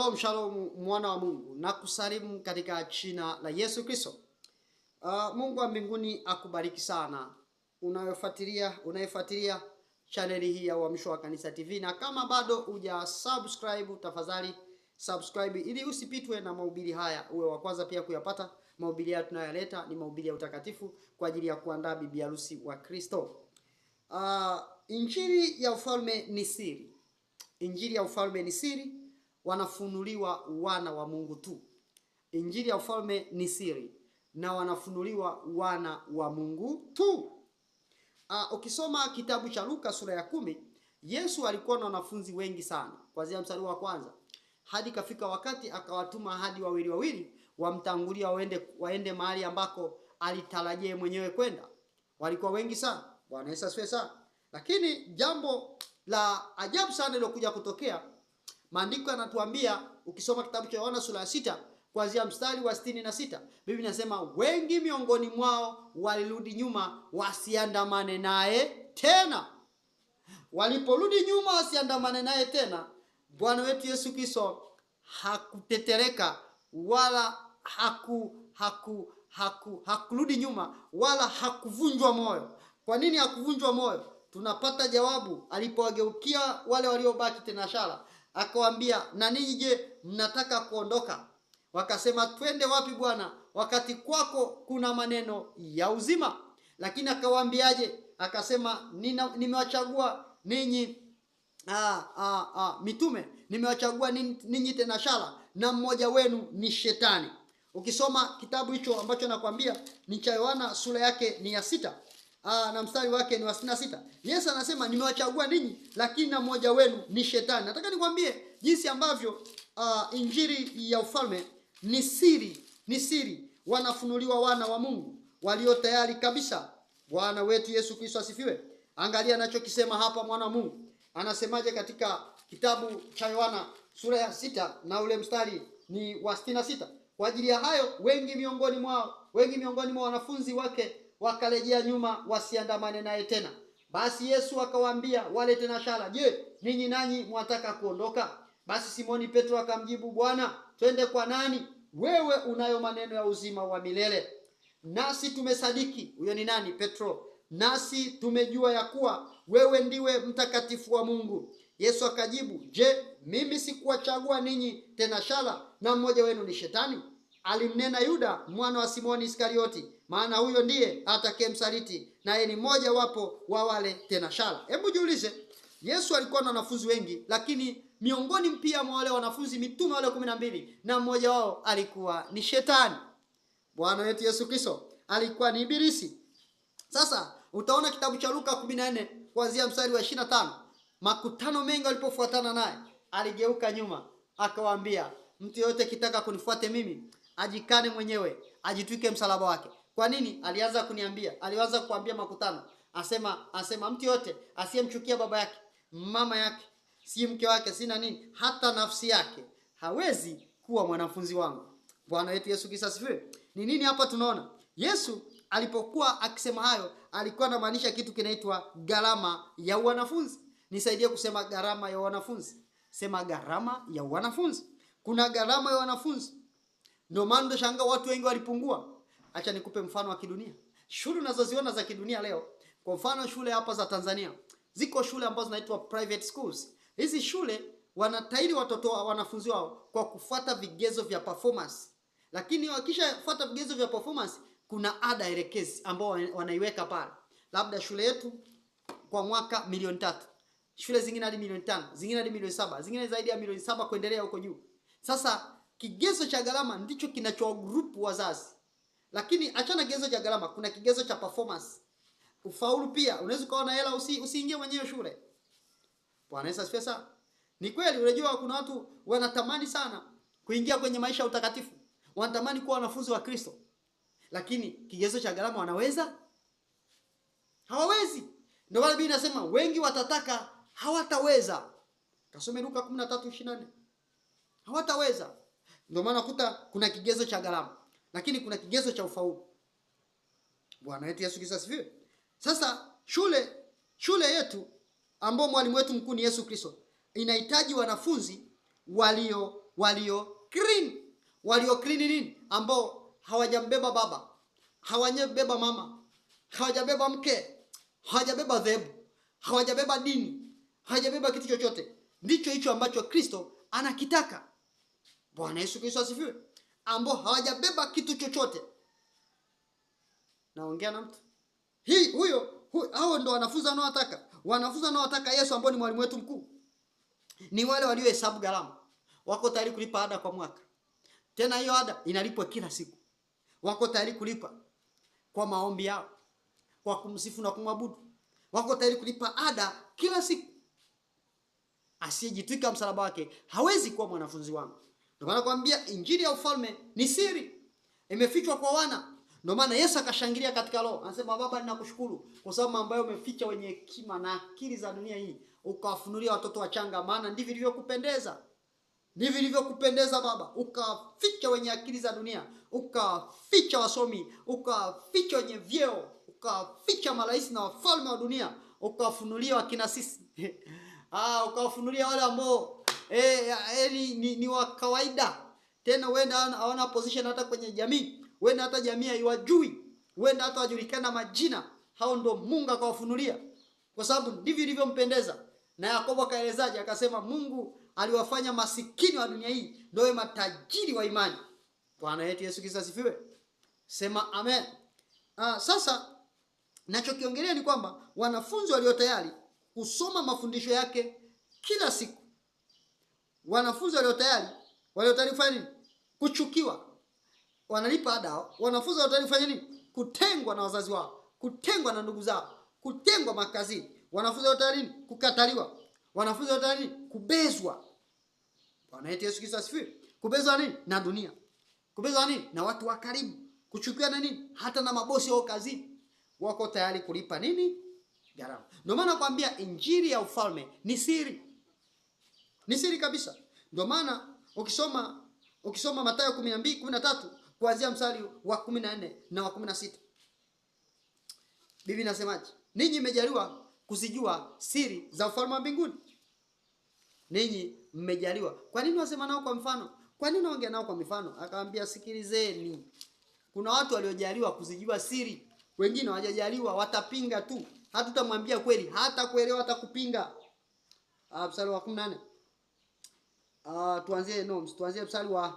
Shalom, shalom mwana wa Mungu, nakusalimu katika jina la Yesu Kristo. Uh, Mungu wa mbinguni akubariki sana unayofuatilia unayefuatilia chaneli hii ya Uamsho wa Kanisa TV, na kama bado uja subscribe, tafadhali subscribe ili usipitwe na mahubiri haya, uwe wa kwanza pia kuyapata mahubiri haya tunayoyaleta. Ni mahubiri ya utakatifu kwa ajili ya kuandaa bibi harusi wa Kristo. Uh, injili ya ufalme ni siri, injili ya ufalme ni siri wanafunuliwa wana wa Mungu tu. Injili ya ufalme ni siri na wanafunuliwa wana wa Mungu tu. Uh, ukisoma kitabu cha Luka sura ya kumi, Yesu alikuwa na wanafunzi wengi sana, kuanzia mstari wa kwanza hadi kafika wakati akawatuma hadi wawili wawili wamtangulia waende, waende mahali ambako alitarajia mwenyewe kwenda. Walikuwa wengi sana. Bwana Yesu asifiwe sana. Lakini jambo la ajabu sana lilokuja kutokea Maandiko yanatuambia ukisoma kitabu cha Yohana sura ya sita kuanzia mstari wa sitini na sita Biblia inasema wengi miongoni mwao walirudi nyuma wasiandamane naye tena. Waliporudi nyuma wasiandamane naye tena, Bwana wetu Yesu Kristo hakutetereka wala haku haku haku hakurudi nyuma wala hakuvunjwa moyo. Kwa nini hakuvunjwa moyo? Tunapata jawabu alipowageukia wale waliobaki tena shara Akawaambia, na ninyi je, mnataka kuondoka? Wakasema, twende wapi Bwana, wakati kwako kuna maneno ya uzima. Lakini akawaambiaje? Akasema, nimewachagua ninyi ah, ah, ah, mitume, nimewachagua ninyi tenashara, na mmoja wenu ni Shetani. Ukisoma kitabu hicho ambacho nakwambia ni cha Yohana, sura yake ni ya sita. Aa, ah, na mstari wake ni wa sitini na sita. Yesu anasema nimewachagua ninyi, lakini na mmoja wenu ni shetani. Nataka nikwambie jinsi ambavyo aa, ah, injili ya ufalme ni siri, ni siri. Wanafunuliwa wana wa Mungu walio tayari kabisa. Bwana wetu Yesu Kristo asifiwe. Angalia anachokisema hapa mwana wa Mungu anasemaje katika kitabu cha Yohana sura ya sita na ule mstari ni wa sitini na sita. Kwa ajili ya hayo wengi miongoni mwao wengi miongoni mwa wanafunzi wake wakarejea nyuma wasiandamane naye tena. Basi Yesu akawaambia wale tena shara je, ninyi nanyi mwataka kuondoka? Basi Simoni Petro akamjibu, Bwana, twende kwa nani? Wewe unayo maneno ya uzima wa milele, nasi tumesadiki. Huyo ni nani? Petro. Nasi tumejua ya kuwa wewe ndiwe mtakatifu wa Mungu. Yesu akajibu, je, mimi sikuwachagua ninyi tena shara na mmoja wenu ni Shetani? Alimnena Yuda mwana wa Simoni Iskarioti maana huyo ndiye atakayemsaliti naye ni mmoja wapo wa wale tena tenashara. Hebu jiulize, Yesu alikuwa na wanafunzi wengi, lakini miongoni pia mwa wale wanafunzi mitume wale kumi na mbili na mmoja wao alikuwa ni shetani. Bwana wetu Yesu Kristo alikuwa ni Ibilisi. Sasa utaona kitabu cha Luka 14 kuanzia mstari wa 25, makutano mengi walipofuatana naye aligeuka nyuma akawaambia, mtu yeyote kitaka kunifuate mimi ajikane mwenyewe, ajitwike msalaba wake kwa nini? Alianza kuniambia, Aliwaza kuambia makutano, asema asema mtu yote asiyemchukia baba yake, mama yake, si mke wake, sina nini, hata nafsi yake hawezi kuwa mwanafunzi wangu. Bwana wetu Yesu Kristo asifiwe. Ni nini hapa tunaona? Yesu alipokuwa akisema hayo alikuwa anamaanisha kitu kinaitwa gharama ya wanafunzi. Nisaidie kusema gharama ya wanafunzi. Sema gharama ya wanafunzi. Kuna gharama ya wanafunzi. Ndio maana ndashanga watu wengi walipungua Acha nikupe mfano wa kidunia. Shule unazoziona za kidunia leo, kwa mfano shule hapa za Tanzania, ziko shule ambazo zinaitwa private schools. Hizi shule wanatahiri watoto wao, wanafunzi wao kwa kufuata vigezo vya performance, lakini wakishafuata vigezo vya performance, kuna ada elekezi ambao wanaiweka pale, labda shule yetu kwa mwaka milioni tatu, shule zingine hadi milioni tano, zingine hadi milioni saba, zingine zaidi ya milioni saba kuendelea huko juu. Sasa kigezo cha gharama ndicho kinachowagrupu wazazi lakini achana kigezo cha gharama, kuna kigezo cha performance. Ufaulu pia unaweza ukawa na hela usi, usiingie mwenyewe shule. Bwana Yesu asifiwe sana. Ni kweli, unajua kuna watu wanatamani sana kuingia kwenye maisha ya utakatifu, wanatamani kuwa wanafunzi wa Kristo, lakini kigezo cha gharama wanaweza hawawezi. Ndio wale Biblia inasema wengi watataka, hawataweza. Kasome Luka 13:24. Hawataweza. Ndio maana kuta kuna kigezo cha gharama lakini kuna kigezo cha ufaulu. Bwana wetu Yesu Kristo asifiwe. Sasa shule shule yetu ambao mwalimu wetu mkuu ni Yesu Kristo inahitaji wanafunzi walio walio clean, walio clean nini, ambao hawajambeba baba, hawajabeba mama, hawajabeba mke, hawajabeba dhehebu, hawajabeba dini, hawajabeba kitu chochote. Ndicho hicho ambacho Kristo anakitaka. Bwana Yesu Kristo asifiwe ambao hawajabeba kitu chochote. Naongea na mtu hii huyo, hao ndo wanafunzi wanaowataka wanafunzi wanaowataka Yesu ambao ni mwalimu wetu mkuu, ni wale waliohesabu gharama, wako tayari kulipa ada kwa mwaka. Tena hiyo ada inalipwa kila siku, wako tayari kulipa kwa maombi yao, kwa kumsifu na kumwabudu, wako tayari kulipa ada kila siku. Asiyejitwika msalaba wake hawezi kuwa mwanafunzi wangu. Ndio maana nakwambia injili ya ufalme ni siri, imefichwa kwa wana. Ndio maana Yesu akashangilia katika roho, anasema Baba, ninakushukuru kwa sababu mambo hayo umeficha wenye hekima na akili za dunia hii, ukawafunulia watoto wachanga, maana ndivyo ilivyokupendeza ndivyo ilivyokupendeza Baba. ukaficha wenye akili za dunia, ukaficha wasomi, ukaficha wenye vyeo, ukaficha marais na wafalme wa dunia, ukawafunulia wakina sisi ah, ukawafunulia wale ambao eh, eh, ni, ni, ni wa kawaida tena, wenda hawana position hata kwenye jamii, wenda hata jamii haiwajui, wenda hata wajulikana majina. Hao ndio Mungu akawafunulia, kwa sababu ndivyo ilivyompendeza. Na Yakobo akaelezaje? Akasema Mungu aliwafanya masikini wa dunia hii ndio wawe matajiri wa imani. Bwana yetu Yesu Kristo asifiwe, sema amen. Aa, ah, sasa nachokiongelea ni kwamba wanafunzi walio tayari kusoma mafundisho yake kila siku wanafunzi walio tayari walio tayari kufanya nini? Kuchukiwa wanalipa ada. Wanafunzi walio tayari kufanya nini? Kutengwa na wazazi wao, kutengwa na ndugu zao, kutengwa makazini. Wanafunzi walio tayari nini? Kukataliwa. Wanafunzi walio tayari nini? Kubezwa. Bwana Yesu Kristo asifiwe. Kubezwa nini? Na dunia, kubezwa nini? Na watu wa karibu, kuchukiwa na nini? Hata na mabosi wao kazini, wako tayari kulipa nini? Gharama. Ndio maana nakwambia injili ya ufalme ni siri. Ni siri kabisa. Ndio maana ukisoma ukisoma Mathayo 12 13 kuanzia mstari wa 14 na wa 16. Biblia inasemaje? Ninyi mmejaliwa kuzijua siri za ufalme wa mbinguni. Ninyi mmejaliwa. Kwa nini wasema nao kwa mfano? Kwa nini naongea nao kwa mifano? Akaambia, sikilizeni. Kuna watu waliojaliwa kuzijua siri, wengine hawajajaliwa, watapinga tu. Hatutamwambia kweli, hata kuelewa, hata kupinga. Mstari wa uh, tuanzie no, tuanzie mstari wa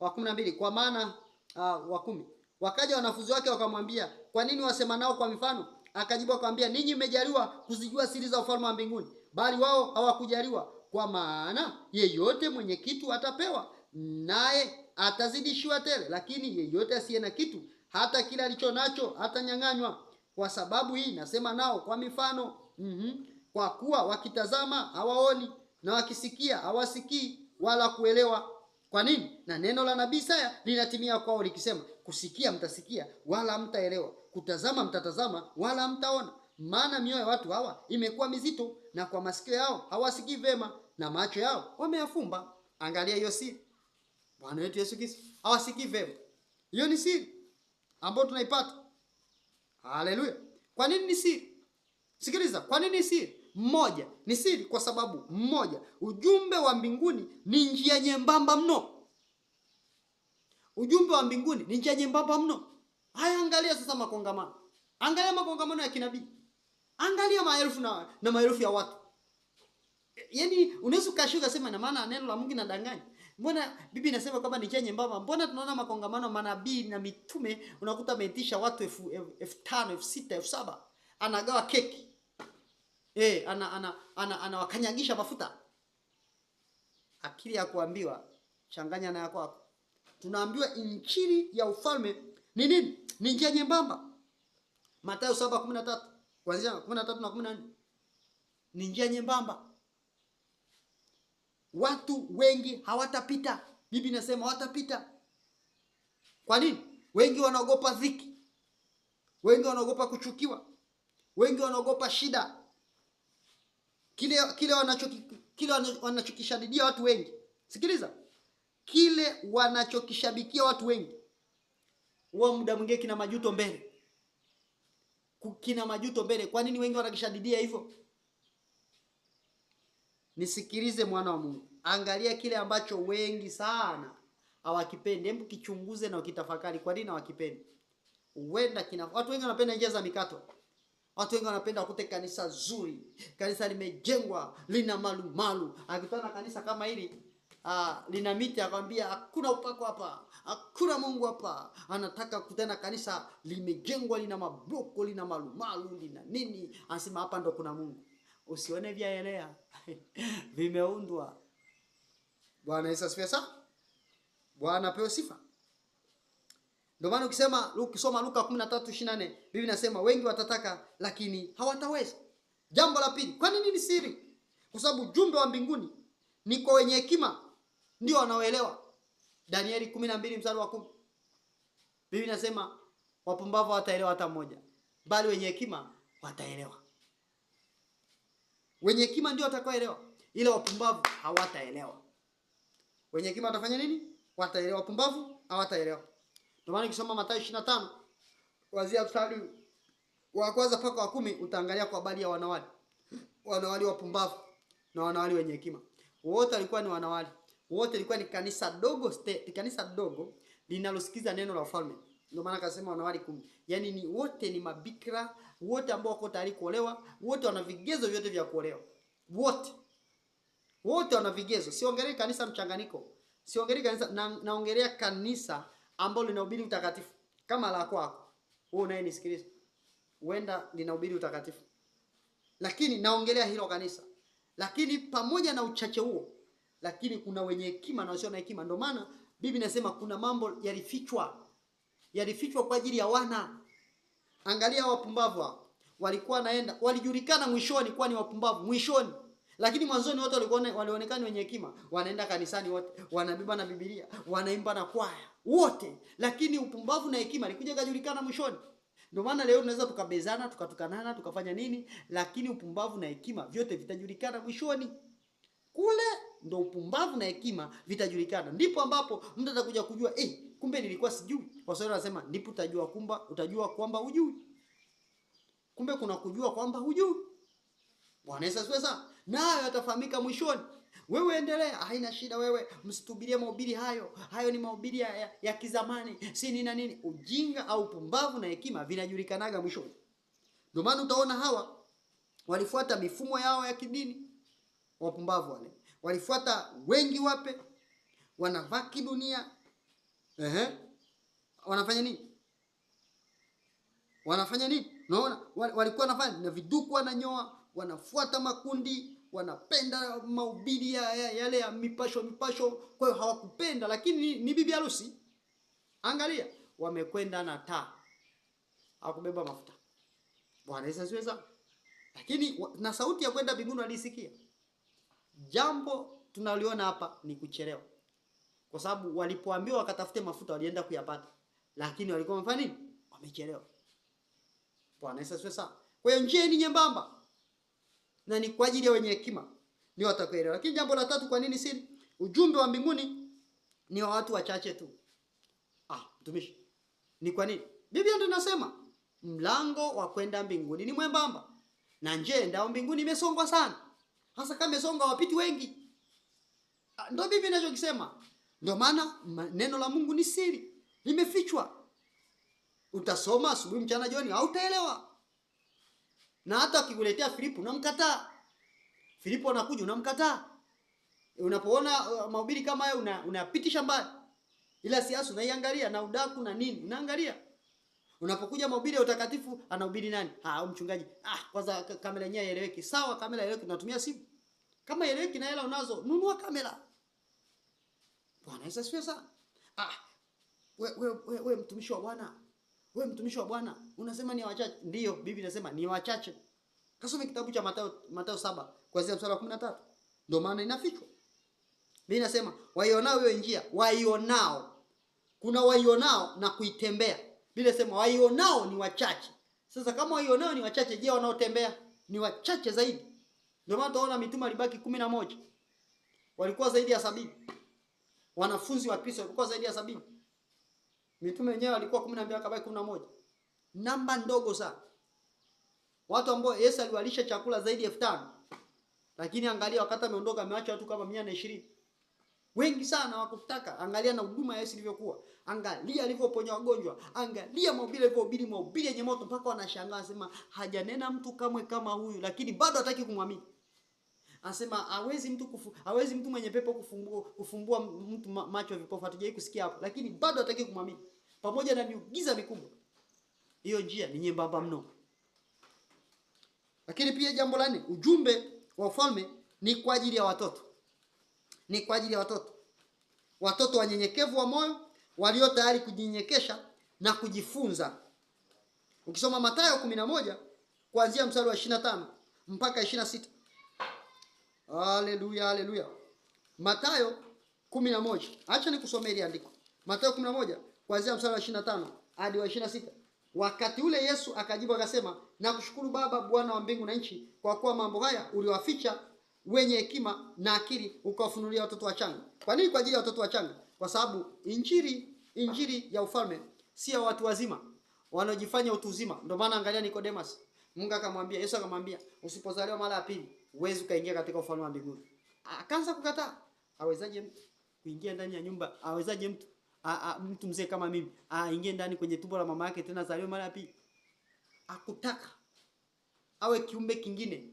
wa kumi na mbili kwa maana uh, wa kumi. Wakaja wanafunzi wake wakamwambia, kwa nini wasema nao kwa mifano? Akajibu akamwambia, ninyi mmejaliwa kuzijua siri za ufalme wa mbinguni, bali wao hawakujaliwa. Kwa maana yeyote mwenye kitu atapewa, naye atazidishiwa tele, lakini yeyote asiye na kitu, hata kile alicho nacho atanyang'anywa. Kwa sababu hii nasema nao kwa mifano mm -hmm. Kwa kuwa wakitazama hawaoni, na wakisikia hawasikii wala kuelewa. Kwa nini? Na neno la nabii Isaya linatimia kwao likisema, kusikia mtasikia wala mtaelewa, kutazama mtatazama wala mtaona, maana mioyo ya watu hawa imekuwa mizito, na kwa masikio yao hawasikii vema, na macho yao wameyafumba. Angalia hiyo siri, Bwana wetu Yesu Kristo, hawasikii vema. Hiyo ni siri ambayo tunaipata. Haleluya! Kwa nini ni siri? Sikiliza, kwa nini ni siri? mmoja. Ni siri kwa sababu mmoja. Ujumbe wa mbinguni ni njia nyembamba mno. Ujumbe wa mbinguni ni njia nyembamba mno. Haya, angalia sasa makongamano, angalia makongamano ya kinabii, angalia maelfu na, na maelfu ya watu. Yaani unaweza ukashuka sema, na maana neno la Mungu linadanganya Mbona Biblia inasema kwamba ni chenye mbaba? Mbona tunaona makongamano manabii na mitume unakuta ameitisha watu elfu tano elfu sita elfu saba anagawa keki eh, ana, ana, ana, anawakanyagisha mafuta. Akili ya kuambiwa changanya na yako hapo. Tunaambiwa injili ya ufalme ni nini? Ni njia nyembamba. Mathayo 7:13 kuanzia 13 na 14. Ni njia nyembamba. Watu wengi hawatapita. Biblia inasema hawatapita. Kwa nini? Wengi wanaogopa dhiki, wengi wanaogopa kuchukiwa, wengi wanaogopa shida, kile kile wanachokile wanachokishadidia watu wengi, sikiliza, kile wanachokishabikia watu wengi huwa muda mwingine kina majuto mbele, kina majuto mbele. Kwa nini wengi wanakishadidia hivyo? Nisikilize mwana wa Mungu, angalia kile ambacho wengi sana hawakipendi. Hebu kichunguze na ukitafakari, kwa nini hawakipendi? Huenda kina watu wengi wanapenda njia za mikato Watu wengi wanapenda wakute kanisa zuri, kanisa limejengwa, lina malumalu. Akikutana kanisa kama hili Ah, lina miti akwambia, hakuna upako hapa, hakuna Mungu hapa. Anataka kutana kanisa limejengwa, lina mabloko, lina malumalu, lina nini, anasema hapa ndo kuna Mungu. Usione vya elea vimeundwa. Bwana Yesu asifiwe sana. Bwana apewe sifa. Ndio maana ukisema ukisoma Luka 13:24, Biblia inasema wengi watataka lakini hawataweza. Jambo la pili, kwa nini ni siri? Kwa sababu jumbe wa mbinguni ni kwa wenye hekima ndio wanaoelewa. Danieli 12 mstari wa 10. Biblia inasema wapumbavu wataelewa hata mmoja, bali wenye hekima wataelewa. Wenye hekima ndio watakaoelewa, ila wapumbavu hawataelewa. Wenye hekima watafanya nini? Wataelewa. Wapumbavu hawataelewa. Ndio maana nikisoma Mathayo 25 wazia mstari wa kwanza mpaka wa kumi utaangalia kwa habari ya wanawali. Wanawali wapumbavu na wanawali wenye hekima. Wote walikuwa ni wanawali. Wote ilikuwa ni kanisa dogo state, kanisa dogo linalosikiza neno la ufalme. Ndio maana akasema wanawali kumi. Yaani ni wote ni mabikira, wote ambao wako tayari kuolewa, wote wana vigezo vyote vya kuolewa. Wote. Wote wana vigezo. Siongelee kanisa mchanganyiko. Siongelee kanisa na, naongelea kanisa ambalo linahubiri utakatifu kama la kwako wewe unayenisikiliza, huenda linahubiri utakatifu, lakini naongelea hilo kanisa. Lakini pamoja na uchache huo, lakini kuna wenye hekima na wasio na hekima. Ndio maana bibi nasema kuna mambo yalifichwa, yalifichwa kwa ajili ya wana. Angalia wapumbavu walikuwa naenda, walijulikana mwishoni kuwa ni wapumbavu mwishoni lakini mwanzoni wote walikuwa walionekana wenye hekima, wanaenda kanisani wote, wanabeba na Biblia, wanaimba na kwaya wote, lakini upumbavu na hekima likuja kujulikana mwishoni. Ndio maana leo tunaweza tukabezana, tukatukanana, tukafanya nini, lakini upumbavu na hekima vyote vitajulikana mwishoni. Kule ndo upumbavu na hekima vitajulikana, ndipo ambapo mtu atakuja kujua eh, kumbe nilikuwa sijui. Kwa sababu anasema ndipo utajua kumba, utajua kwamba hujui. Kumbe kuna kujua kwamba hujui. Bwana Yesu asifiwe sana nayo yatafahamika mwishoni. Wewe endelea, haina shida. Wewe msitubirie mahubiri hayo, hayo ni mahubiri ya, ya, ya kizamani, si nini na nini. Ujinga au pumbavu na hekima vinajulikanaga mwishoni. Ndio maana utaona hawa walifuata mifumo yao ya kidini, wapumbavu wale walifuata wengi wape, wanavaa kidunia. Ehe, wanafanya nini? Wanafanya nini? Unaona, walikuwa wanafanya na viduku, wananyoa, wanafuata makundi wanapenda mahubiri ya, ya, yale ya mipasho mipasho, kwa hiyo hawakupenda, lakini ni ni bibi harusi. Angalia, wamekwenda na taa, hawakubeba mafuta. Bwana Yesu asiweza, lakini na sauti ya kwenda mbinguni walisikia. Jambo tunaliona hapa ni kuchelewa, kwa sababu walipoambiwa wakatafute mafuta walienda kuyapata, lakini walikuwa wamefanya nini? Wamechelewa. Bwana Yesu asiweza. Kwa hiyo njia ni nyembamba na ni kwa ajili ya wenye hekima ndio watakaoelewa. Lakini jambo la tatu, kwa nini siri? Ujumbe wa mbinguni ni wa watu wachache tu. Ah, mtumishi, ni kwa nini? Biblia ndio inasema mlango wa kwenda mbinguni ni mwembamba na nje ndao mbinguni imesongwa sana. Hasa kama imesongwa, wapiti wengi. Ah, ndio Biblia inachokisema. Ndio maana neno la Mungu ni siri, limefichwa. Utasoma asubuhi, mchana, jioni, hautaelewa na hata akikuletea Filipo unamkataa. Filipo anakuja unamkataa. E, unapoona uh, mahubiri kama hayo una, unapitisha mbali. Ila siasa unaiangalia na udaku na nini unaangalia. Unapokuja mahubiri ya utakatifu anahubiri nani? Ah, mchungaji. Ah, kwanza kamera yenyewe haieleweki. Sawa, kamera haieleweki tunatumia simu. Kama haieleweki na hela unazo, nunua kamera. Bwana Yesu asifiwe sana. Ah, we, we, we, we mtumishi wa Bwana wewe mtumishi wa Bwana unasema ni wachache. Ndio, Biblia inasema ni wachache. Kasome kitabu cha Mathayo, Mathayo saba kuanzia mstari wa kumi na tatu. Ndio maana inafichwa. Biblia inasema waionao hiyo njia, waionao. Kuna waionao na kuitembea. Biblia inasema waionao ni wachache. Sasa kama waionao ni wachache, je, wanaotembea ni wachache zaidi? Ndio maana tunaona mitume alibaki kumi na moja walikuwa zaidi ya sabini. Wanafunzi wa Kristo walikuwa zaidi ya sabini. Mitume wenyewe walikuwa 12 akabaki 11. Namba ndogo sana. Watu ambao Yesu aliwalisha chakula zaidi ya 5000. Lakini angalia wakati ameondoka ameacha watu kama 120. Wengi sana wakutaka. Angalia na huduma ya Yesu ilivyokuwa. Angalia alivyoponya wagonjwa. Angalia mahubiri alivyohubiri mahubiri yenye moto mpaka wanashangaa sema hajanena mtu kamwe kama huyu lakini bado hataki kumwamini anasema hawezi mtu kufu, hawezi mtu mwenye pepo kufumbua, kufumbua mtu macho ya vipofu, hatujai kusikia hapo, lakini bado hataki kumwamini pamoja na miujiza mikubwa. Hiyo njia ni nyembamba mno. Lakini pia jambo la nne, ujumbe wa ufalme ni kwa ajili ya watoto, ni kwa ajili ya watoto, watoto wanyenyekevu wa moyo walio tayari kujinyenyekesha na kujifunza. Ukisoma Mathayo 11 kuanzia mstari wa 25 mpaka 26 Haleluya, haleluya. Mathayo 11. Acha nikusomee ile andiko. Mathayo 11 kuanzia mstari wa 25 hadi wa 26. Wakati ule Yesu akajibu akasema, nakushukuru Baba, Bwana wa mbingu na nchi, kwa kuwa mambo haya uliwaficha wenye hekima na akili, ukawafunulia watoto wachanga. Kwa nini? Kwa ajili ya watoto wachanga, kwa sababu injili, injili ya ufalme si ya watu wazima wanaojifanya utu uzima. Ndio maana angalia Nikodemas, Mungu akamwambia, Yesu akamwambia, usipozaliwa mara ya pili huwezi ukaingia katika ufalme wa mbinguni. Akaanza kukataa. Awezaje mtu kuingia ndani ya nyumba? Awezaje mtu a, a, mtu mzee kama mimi aingie ndani kwenye tumbo la mama yake tena zaliwe mara ya pili? Akutaka awe kiumbe kingine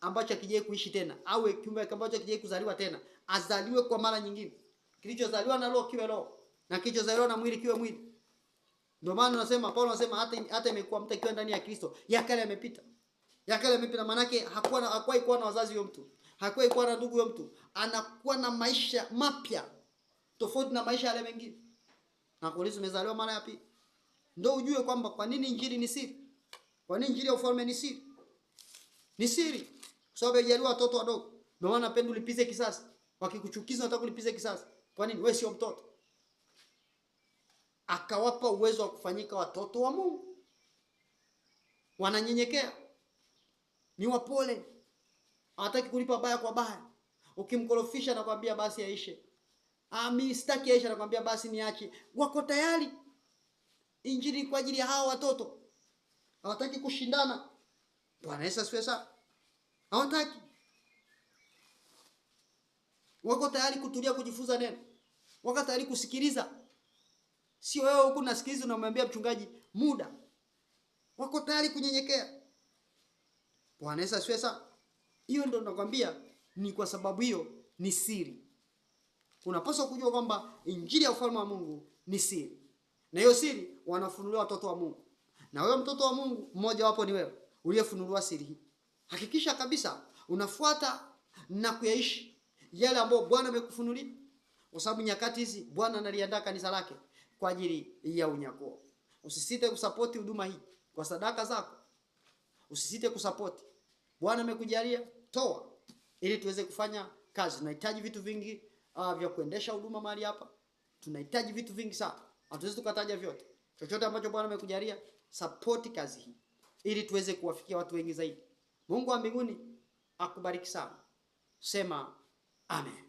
ambacho akijai kuishi tena, awe kiumbe ambacho akijai kuzaliwa tena, azaliwe kwa mara nyingine. Kilichozaliwa na roho kiwe roho na kilichozaliwa na mwili kiwe mwili. Ndio maana unasema Paulo anasema hata hata imekuwa mtu akiwa ndani ya Kristo, ya kale yamepita yake amepita. Maana manake hakuwa na hakuwa ikuwa na wazazi huyo mtu, hakuwahi kuwa na ndugu huyo mtu, anakuwa na maisha mapya tofauti na maisha yale mengine. Nakuuliza, umezaliwa mara ya pili? Ndio ujue kwamba kwa nini injili ni siri, kwa nini injili ya ufalme ni siri, ni siri kwa sababu haijaliwa watoto wadogo. Ndio maana napenda ulipize kisasi, wakikuchukiza nataka ulipize kisasi. Kwa nini? Wewe sio mtoto. Akawapa uwezo wa kufanyika watoto wa Mungu, wananyenyekea ni wapole, hataki kulipa baya kwa baya. Ukimkorofisha anakwambia basi aishe, mimi ah, sitaki aishe, anakwambia basi niache. Wako tayari. Injili kwa ajili ya hawa watoto, hawataki kushindana. Bwana Yesu asifiwe sana. Hawataki, wako tayari kutulia, kujifunza neno, wako tayari kusikiliza. Sio wewe huku nasikiliza, unamwambia mchungaji muda. Wako tayari kunyenyekea. Bwana Yesu asifiwe sana. Hiyo ndio nakwambia, ni kwa sababu hiyo ni siri. Unapaswa kujua kwamba injili ya ufalme wa Mungu ni siri, na hiyo siri wanafunuliwa watoto wa Mungu, na wewe mtoto wa Mungu mmoja wapo ni wewe uliyefunuliwa siri hii. Hakikisha kabisa unafuata na kuyaishi yale ambayo Bwana amekufunulia, kwa sababu nyakati hizi Bwana analiandaa kanisa lake kwa ajili ya unyakuo. Usisite kusapoti huduma hii kwa sadaka zako Usisite kusapoti. Bwana amekujalia, toa ili tuweze kufanya kazi. Tunahitaji vitu vingi uh, vya kuendesha huduma mahali hapa. Tunahitaji vitu vingi sana. Hatuwezi tukataja vyote. Chochote ambacho Bwana amekujalia, sapoti kazi hii ili tuweze kuwafikia watu wengi zaidi. Mungu wa mbinguni akubariki sana. Sema amen.